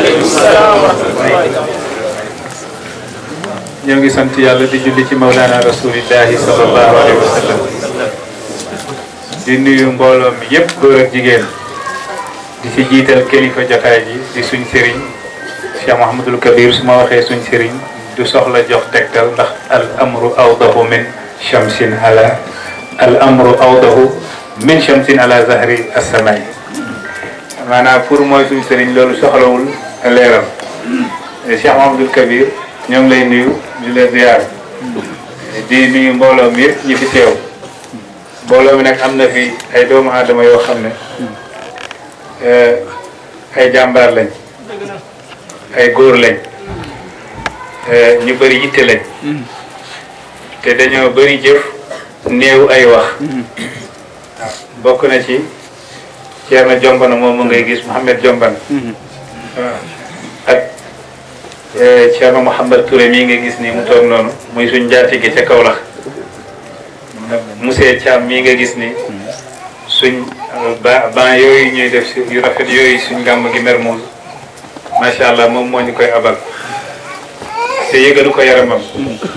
waaleykum ngi sant yàlla di julli ci Mawlana rasulillahi sallallahu alayhi wa di nuyu mbooloo mi góor ak jigéen. di ci jiital kilifa jotaay ji di suñ sëriñ Cheikh Mouhamadul Kabir su ma waxee suñ sëriñ du soxla jox tegtal ndax al amru awdahu min shamsin ala al amru awdahu min mooy suñ sëriñ loolu soxlawul leeral eh, Cheikh Mamadou Kabir ñoo lay nuyu di la eh, di nuyu mbooloo mi yëpp ñi fi teew mbooloo bi nag am na fi ay doomu aadama yoo xam ne eh, ay jàmbaar lañ ay góor lañ ñu bari yitte lañ te dañoo bëri jëf néew ay wax bokk na ci Thierno Jombana moom mu ngay gis Mouhamed Jombana ak e, Thierno Mouhamed Touré mii nga gis nii mu toog noonu muy suñ njaatige ca Kaolack ak monsieur mii nga gis nii suñ ba ban yooyu ñuy def si yu rafet yooyu suñ gàmm gi Mermoz macha allah moom moo ñu koy abal te yëgalu ko yaramam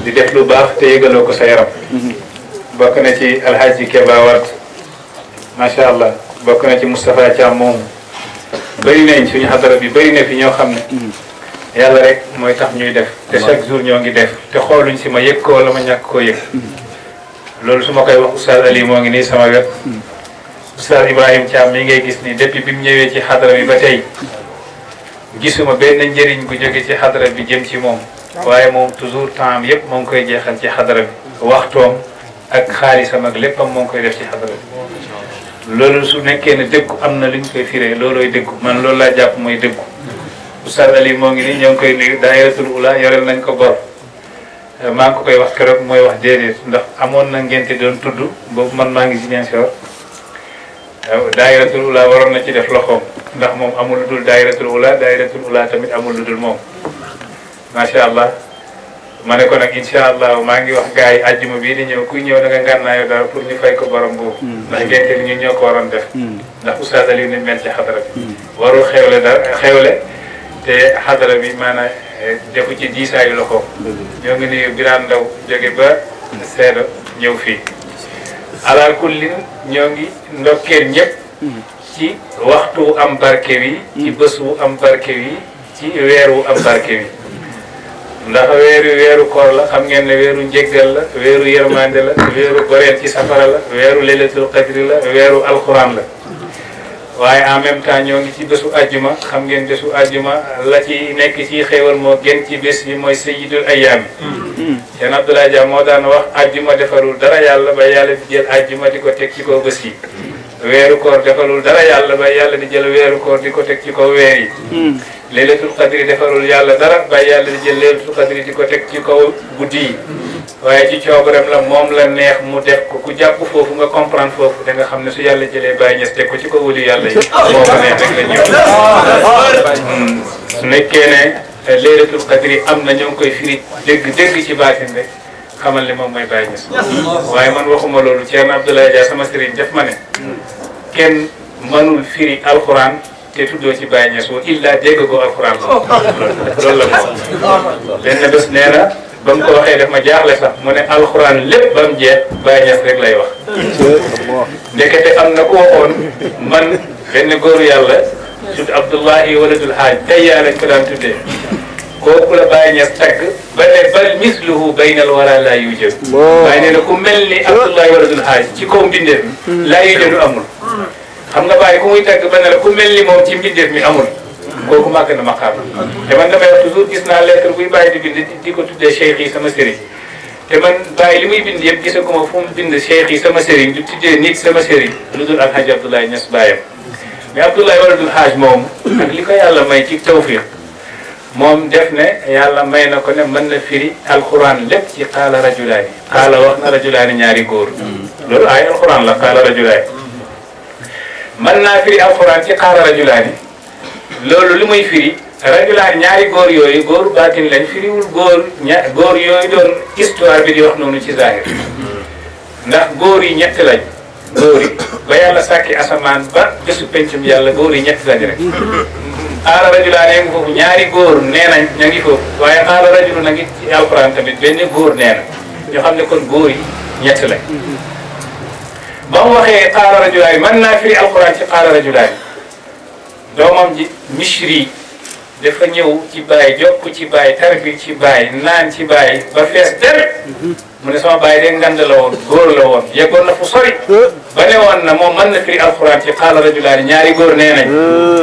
di def lu baax te yëgaloo ko sa yaram bokk na ci alhaji Keba Ward macha allah bokk na ci Moustapha Thiam moomu bëri nañ suñu xadara bi bëri na fi ñoo xam ne mm. yàlla rek mooy tax ñuy def te chaque jour ñoo ngi def te xooluñ si ma yëg ko wala ma ñàkk ko yëg mm. loolu su ma koy wax Oustaz Ali moo ngi nii sama wet mm. Oustaz Ibrahima am mi ngay gis nii depuis bi mu ñëwee ci xadara bi ba tey gisuma benn njëriñ bu jóge ci xadara bi jëm ci moom waaye moom toujours temps am yëpp moo ngi koy jeexal ci xadara bi waxtoom ak xaalisam ak léppam moo ngi koy def ci xadara bi loolu su nekkee ne dëkku am na lu ñu koy firee loolooy dëkku man loolu laa jàpp mooy dëkku Oustaz Ali moo ngi nii ñoo ngi koy nuyu daayiratul ula nañ ko bor maa ngi ko koy wax keroog mooy wax déedéet ndax amoon na ngente doon tudd boobu man maa ngi si ñeensoor daayiratul ula waroon na ci def loxoom ndax moom amul lu dul daayiratul ula daayiratul ula tamit amul lu dul moom macha allah ma ne ko nag incha allah maa ngi wax gaa yi àjjuma bii di ñëw kuy ñëw da nga ngànnaayoo dara pour ñu fay ko borom boobu. Hmm. ndax ngénte li ñu ñoo ko waroon def. Hmm. ndax oustaz Aliou ni mel ci xadara bi. Hmm. warul xewle dara te xadara bi maanaam eh, defu ci diisaayu loxo. ñoo ngi nuyu Birane Ndaw jóge ba seedo ñëw fii. alal kulli ñoo ngi ndokkeel ñëpp. ci waxtu am barke wi. ci bés wu am barke wi. ci weer wu am barke wi. ndax weeru weeru koor la xam ngeen ne weeru njéggal la weeru yërmande la weeru goreel ci safara la weeru leylatul qadri la weeru alquran la waaye en même temps ñoo ngi ci bésu ajjuma xam ngeen bésu ajjuma la ci nekk ci xewal moo gën ci bés yi mooy sayyidul ayyaam yi seen Abdoulaye moo daan wax ajjuma defarul dara yàlla ba yàlla di jël ajjuma di ko teg ci ko bés yi weeru koor defalul dara yàlla ba yàlla di jël weeru koor di ko teg ci kaw weer yi laylatul qadri defarul yalla dara ba yalla di jël laylatul qadri di ko tek ci kaw guddi waye ci coobaram la mom la neex mu def ko ku japp fofu nga comprendre fofu da nga xamne su yalla jëlé bàyyi ñes tek ko ci ko wuli yalla yi moo ko neex rek la ñew su nekkee ne laylatul qadri am na ñong koy firi dégg-dégg ci batin rek xamal ni mom mooy bàyyi ñes waye man waxuma loolu Thierno Abdoulaye Dia sama serigne def ma ne kenn mënul firi alcorane te tuddoo ci bàyyi ñes illa dégg ko alxuraan la ko benn bés nee na ba mu waxee daf ma jaaxle sax mu ne alxuraan lépp ba mu jeex bàyyi ñes rek lay wax ndekete am na ko man benn góoru yàlla tudd Abdullahi waladul haaj tey yaa lañ ko daan tuddee kooku la bàyyi ñes tagg ba ne bal misluhu baynal wara laa yujab ni Abdullahi waladul ci kaw la laa yujab xam nga bàyyi ku muy tagg ba ne la ku mel ni moom ci mbindeef mi amul kooku màgg na maqaam te man damay wax toujours gis naa lettre buy bàyyi di bind di ko tuddee cheikh yi sama sëriñ te man bàyyi li muy bind yëpp gisaguma fu mu bind cheikh yi sama sëriñ di tuddee nit sama sëriñ lu dul alhaji abdoulaye ñas bàyyam mais abdoulaye waladul haaj moom li ko yàlla may ci tawfiq moom def ne yàlla may na ko ne mën na firi alquran lépp ci qaala rajulaani qaala wax na rajulaani ñaari góor mm. loolu ay alquran la qaala rajulaani man naa firi alxuraan ci xaala rajulaani loolu li muy firi rajulaan ñaari góor yooyu góor baatin lañ firiwul góor ña góor yooyu doon histoire bi di wax noonu ci zahir ndax góor yi ñett lañ góor yi ba yàlla sàkki asamaan ba bésu pencum yàlla góor yi ñett lañ rek xaala rajulaan a ngi foofu ñaari góor nee nañ ña ngi foofu waaye xaala rajulu na ngi ci alxuraan tamit benn góor nee ñoo xam ne kon góor yi ñett lañ ba mu waxee qaala rajulaay man naa firi alquran ci qaala rajulaay doomam ji misri dafa ñëw ci baay jokk ci baay tarbi ci baay naan ci baay ba fees der mu ne sama baay de ngand la woon góor la woon yeggoon na fu sori ba ne woon na moom man na firi alquran ci qaala rajulaani ñaari góor nee nañ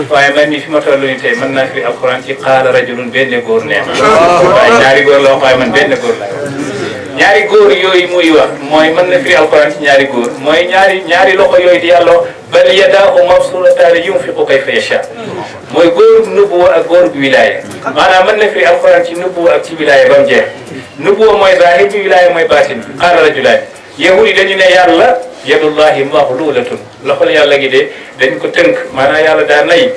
waaye man ni fi ma toll nii tey mën naa firi alquran ci qaala rajulun benn góor nee na waaye ñaari góor la wax waaye man benn góor la ñaari góor yooyu muy wax mooy man na firi alquran ci ñaari góor mooy ñaari loxo yooyu di yàlla bal yadaahu mabsuutataani yunfiqu kayfa yashaa mooy góor nubuwa ak góor bu wilaaya maanaam man na firi alquran ci nubuwa ak ci wilaaya ba mu jeex nubuwa mooy zaahir bi wilaaya mooy baatin bi qaala rajulaan yahud yi dañu ne yàlla yadullahi maxluulatun loxol yàlla gi de dañ ko tënk maanaam yàlla daa nay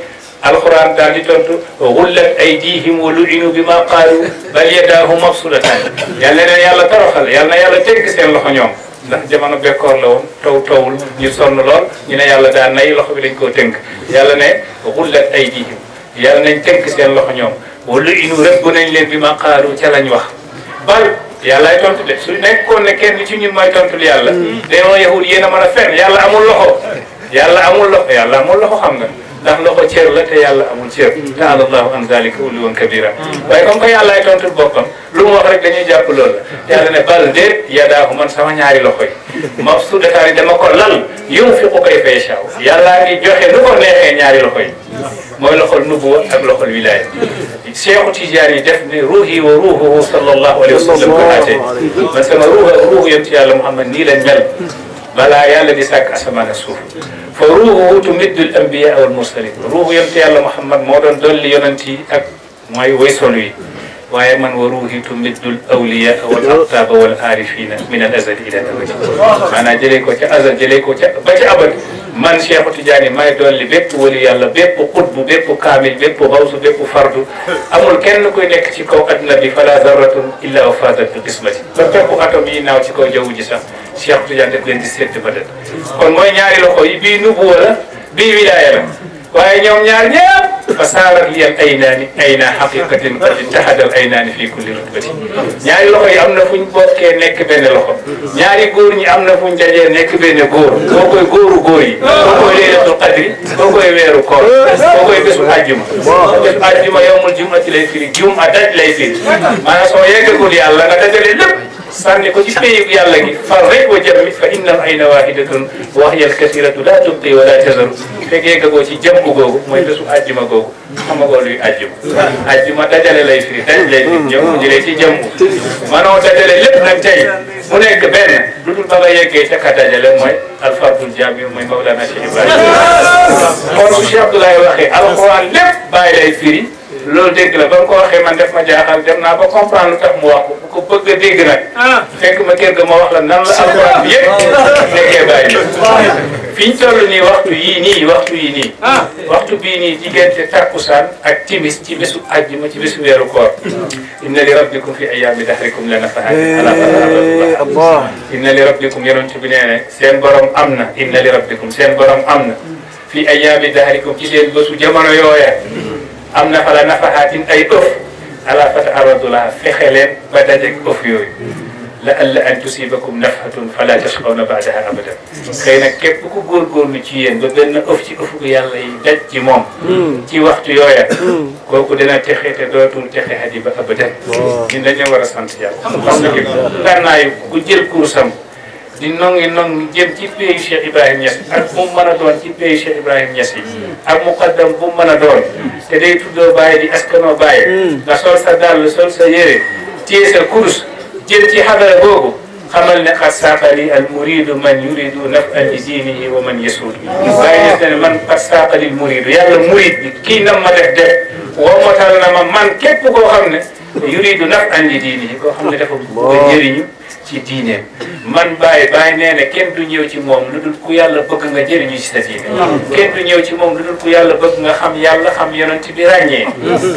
alquran daal di tontu xullat aydihim wa lu'inu bi ma qaalu bal yadaahu mabsulatan yal na leen yàlla toroxal yal yàlla tegg seen loxo ñoom ndax jamono bekkoor la woon taw tawul ñu sonn lool ñu ne yàlla daan nay loxo bi dañ koo tënk yàlla ne xullat aydihim yàlla nañ tënk seen loxo ñoom wa lu'inu rëbb nañ leen bi ma qaalu ca lañ wax bal yàllaay tontu de su nekkoon ne kenn ci ñun mooy tontul yàlla dañoo yahud yéen a mën yàlla amul loxo yàlla amul loxo yàlla amul loxo xam nga ndax loxo ceer la te yàlla amul ceer taala mm-hmm. allahu an zalika uluwan kabira mm-hmm. waaye comme que yàllaay tontul boppam lu mu wax rek dañuy jàpp loolu la mm-hmm. yàlla ne bal déet yadaahu man sama ñaari loxo yi mabsuudataani dama ko lal yunfiqu kayfa yashaa'u yàllaa ngi joxe nu ko neexee ñaari loxo yi mooy loxol nubuwa ak loxo wilaaya Cheikhu Tijaani yi def ne ruuhi wa ruuhuhu sallallahu alayhi wa sallam ko aatee Muhammad nii la mel balaa yàlla di sàkk asamaan ak suuf fa ruuhu tumiddu l anbiya wal mursalin ruuhu yonent yàlla Muhammad moo doon dolli yonent yi ak mooy waysolu yi waaye man wa ruuhi tumiddu l awliya wal aqtaaba wal aarifina min al azal ila al abad maanaam jëlee ko ca azal jëlee ko ca ba ca abad man Cheikh Tidiane may dolli bépp wali yàlla bépp xutbu bépp kaamil bépp xawsu bépp fardu amul kenn kuy nekk ci kaw adduna bi fala zarratun illa wa fadat bi qismati ba bépp atom yi naaw ci kaw jaww ji sax Cheikh Tidiane def leen di seet ba tey kon mooy ñaari loxo yi bii nubuwa la bii wilaaya la waaye ñoom ñaar ñëpp fa saarat li al aynaani ayna xaqiqatin qad ittahada al aynaani fi kulli rutbati ñaari loxo yi am na fu ñu bokkee nekk benn loxo ñaari góor ñi am na fu ñu dajee nekk benn góor boo koy góoru góor yi boo koy leelatul qadri boo koy weeru koor boo koy bésu àjjuma bésu àjjuma yowmul jumati lay firi jum a daj lay firi maanaam soo yeggagul yàlla nga dajale lépp sànni ko ci péyib yàlla gi far rek wa jam fa innal ayna wahidatun wa hiya kasiratu la tubqi wa la tazar fekk yeggagoo ci jam googu mooy bésu àjjuma googu xamagoo luy àjjuma àjjuma dajale lay firi dañ lay nit ñëw mu jëlee ci jam manoo dajale lépp nag tey mu nekk benn lu dul ba nga yeggee a ka dajale mooy alfardul jami mooy mawlana Cheikh Ibrahima kon Cheikh Abdoulaye waxee alquran lépp bàyyi lay firi loolu dégg la ba mu ko waxee man def ma dem ba comprendre lu tax mu wax ko ku bëgg a dégg ah. fekk ma kër ga ma wax la nan la alquran bi yëpp nekkee bàyyi fi ñu toll waxtu yii nii waxtu ah. waxtu ak timis ci ci koor inna li rabbikum fi ayyaami dahrikum la nafahaat eh, inna li rabbikum yonent bi nee ne borom am inna li rabbikum borom fi ayyaami dahrikum ci seen bésu jamono am na fa la nafaxaatin ay ëf ala fataaradu laha fexe leen ba dajeeg ëf yooyu la alla an tusibakum nafhatun fala tashqawna baadaha abadan xëy na képp ku góorgóorlu ci yéen ba benn ëf ci ëfu bu yàlla yi daj ci moom ci waxtu yooya kooku dina texe te dootul texe hadi ba abadan ñun dañoo war a sant yàlla parce que gannaayu ku jël kursam dinong inong nongi jëm ci péeyu Ibrahim Niass ak bu mën a doon ci Ibrahim Niass yi ak muqaddam bu mën a doon te day tuddoo Baye di askano Baye nga sol sa dàll sol sa yére téye sa kurs jëm ci xadara boobu xamal ne qad saaqali al muridu man yuridu naf'an li diinihi wa man yasuud Baye Niass ne man qad saaqali al muridu yàlla murid bi kii nam ma def def woomatal na ma man képp koo xam yuridu naf'an li diinihi koo xam dafa bëgg njëriñu ci diineem man Baye Baye nee na kenn du ñëw ci moom lu dul ku yàlla bëgg nga jëriñu si sa diine kenn du ñëw ci moom lu dul ku yàlla bëgg nga xam yàlla xam yonent bi ràññee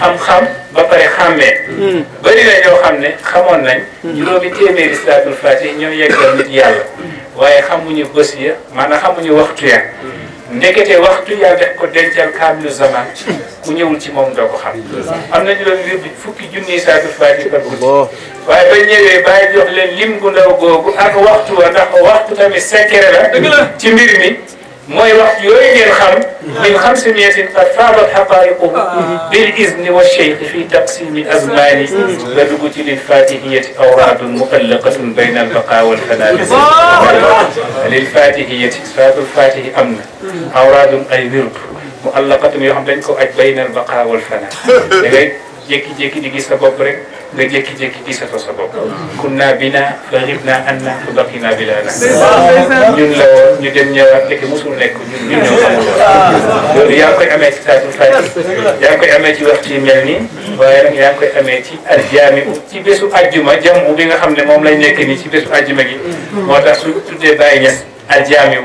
xam-xam ba pare xàmmee bëri na ñoo xam ne xamoon nañ juróomi téeméeri salaatul faatih ñoo yeggal nit yàlla waaye xamuñu bés ya maanaam xamuñu waxtu ya ndekete waxtu yaa def ko dencal kaamilu zaman ku ñëwul ci moom doo ko xam am nañu doon fukki junniy saako bàyyi ba guddi oh. waaye ba ñëwee bàyyi jox leen lim gu ndaw googu ak waxtu wa ndax waxtu tamit secret la ci mbir mi موي وقت يوي ديال خام من 500 فاضت حقائقه آه. بالاذن والشيخ في تقسيم الازمان بدقت للفاتهية اوراد مطلقة بين البقاء والفناء للفاتهية فات الفاتح امن اوراد اي ورد مؤلقة يوم بينكم بين البقاء والفناء ديكي ديكي ديكي سبب رك nga jékki-jékki gisatoo sa bopp. kunna bina fa na anna fa baqina na. ñun la woon ñu dem ñëwaat fekk mosul nekk ñun ñun ñoo xamul woon. loolu yaa ngi koy amee ci Sadio Fatick yaa ngi mel nii. waaye nag yaa ngi koy ci aljaami ci bésu ajjuma jamu bi nga xam ne moom lañ nekk ci bésu ajjuma gi. moo tax su tuddee bàyyi ñes aljaami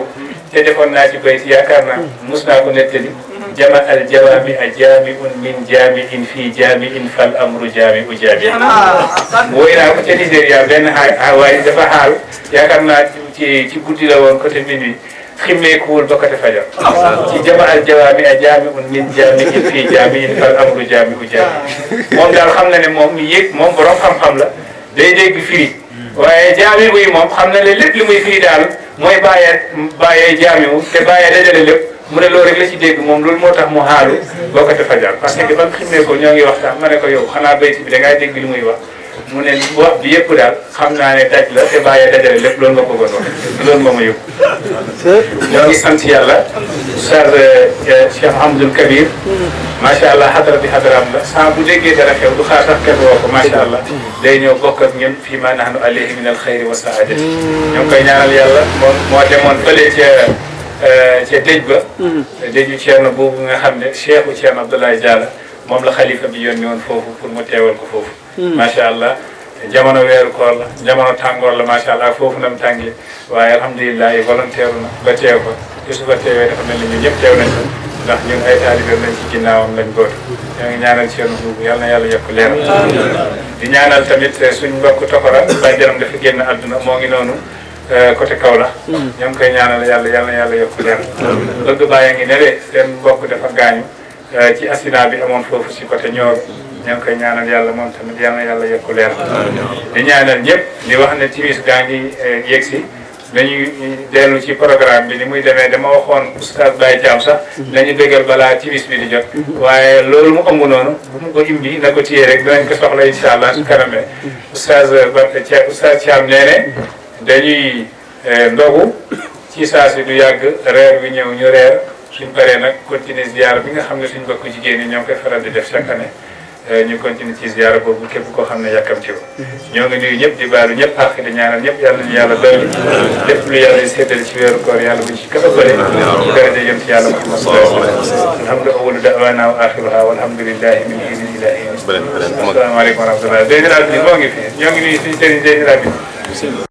te defoon naa ci bayt yaakaar naa mus naa ko nettali. جمع الجوامع جامع من جامع في جامع فالامر جامع جامع وين اوتي ديريا بن هاي هاي دابا حال يا كان تي تي غوتي لا وون كوتي ميني خيمي كول بكوتي فجر تي جمع الجوامع جامع من جامع في جامع فالامر جامع جامع موم دار خام لا ني موم ييك موم بروم خام خام لا داي داي فري waye jaami bi moom xam na ne lépp li muy fii daal mooy mu ne loolu rek la ci dégg moom loolu moo tax mu xaalu boo ko dafa jàll parce que ba mu ximmee ko ñoo ngi wax tax ma ne ko yow xanaa bayti bi da ngay dégg li muy wax mu ne wax bi yëpp daal xam naa ne daj la te bàyyee dajale lépp loolu nga bëggoon wax loolu moo ma yóbbu ñoo ngi sant yàlla Oustaz euh, Cheikh Hamdoul Kabir macha allah xadara bi xadaraam la saa bu déggee dara xew du xaar sax kenn woo ko macha allah day ñëw bokk ak ñun fii ma nahnu alayhi min al xayri wa saadati mm. ñoo ngi koy ñaanal yàlla moom moo demoon fële ca dëj ba dëju Ceerno boobu nga xam ne Cheikhu Ceerno Abdoulaye Diallo moom la xalifa bi yónni woon foofu pour mu teewal ko foofu macha allah jamono weeru koor la jamono tàngoor la macha allah foofu na mu tàngee waaye alhamdulilah yi volontaire na ba teew ko su fa teewee dafa mel ni ñun ñëpp teew nañ ko ndax ñun ay taalibe lañ ci ginnaawam lañ góor ñoo ngi ñaanal Ceerno boobu yàlla na yàlla yokk leeral di ñaanal tamit suñ mbokk tokora bàyyi jaram dafa génn àdduna moo ngi noonu Eh, côté Kaolack. Mm. ñoo ngi koy ñaanal yàlla yàlla yàlla yokk leer. bëgg bàyyi ngi ne de seen mbokk dafa gaañu eh, ci accident bi amoon foofu si côté Nioro. ñoo ngi koy ñaanal yàlla moom tamit yàlla yàlla yokk leer. di ñaanal ñëpp di wax ne timis gaa ngi eh, yegg si. dañuy dellu ci programme bi ni muy demee dama waxoon oustaz Baye Thiam sax mm-hmm. nañu dëggal balaa timis bi di jot mm-hmm. waaye loolu mu ëmb noonu bu mu ko imbi na ko téye rek dinañ ko soxla incha allah su kanamee mm-hmm. oustaz Baye Thiam oustaz Thiam nee ne dañuy eh, ndogu ci saa si du yàgg reer bi ñëw ñu reer suñ paree nag continuer ziar bi nga xam ne suñ bokk jigéen ñi ñoo koy faral di def chaque année eh, ñu continuer ci ziar boobu képp koo xam ne yàkkam ci ko ñoo ngi nuyu ñëpp di baalu ñëpp ak di ñaanal yàlla ñu yàlla lu yàlla séddal ci weeru koor yàlla buñ ci gën a bëri ci daraja yonent yàlla Muhammad sallallahu alayhi wa sallam alhamdu awalu da'wana wa axiruha walhamdulillahi min hinin ila hinin asalaamaaleykum wa rahmatullah déy nirabi moo ngi fi ñoo ngi nuyu suñu sëriñ déy nirabi